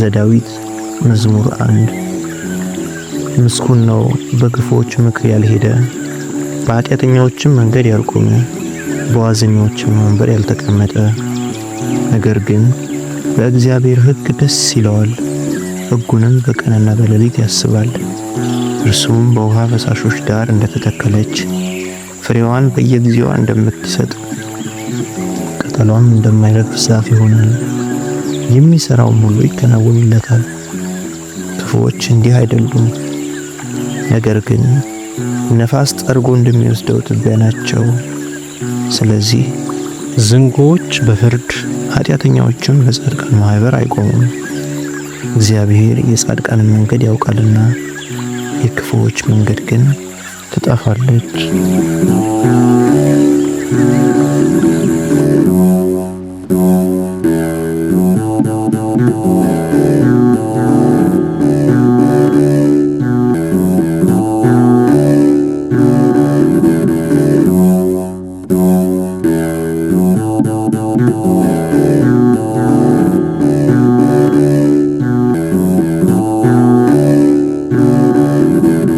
ዘዳዊት መዝሙር አንድ ምስኩን ነው በግፎች ምክር ያልሄደ፣ በኃጢአተኛዎችም መንገድ ያልቆመ፣ በዋዘኛዎችም ወንበር ያልተቀመጠ። ነገር ግን በእግዚአብሔር ሕግ ደስ ይለዋል፣ ሕጉንም በቀንና በሌሊት ያስባል። እርሱም በውሃ ፈሳሾች ዳር እንደተተከለች ፍሬዋን በየጊዜዋ እንደምትሰጥ ቅጠሏም እንደማይረግፍ ዛፍ ይሆናል። የሚሰራውም ሁሉ ይከናወንለታል። ክፉዎች እንዲህ አይደሉም፣ ነገር ግን ነፋስ ጠርጎ እንደሚወስደው ትቢያ ናቸው። ስለዚህ ዝንጎዎች በፍርድ ኃጢአተኛዎችም በጻድቃን ማህበር አይቆሙም። እግዚአብሔር የጻድቃንን መንገድ ያውቃልና የክፉዎች መንገድ ግን ትጠፋለች።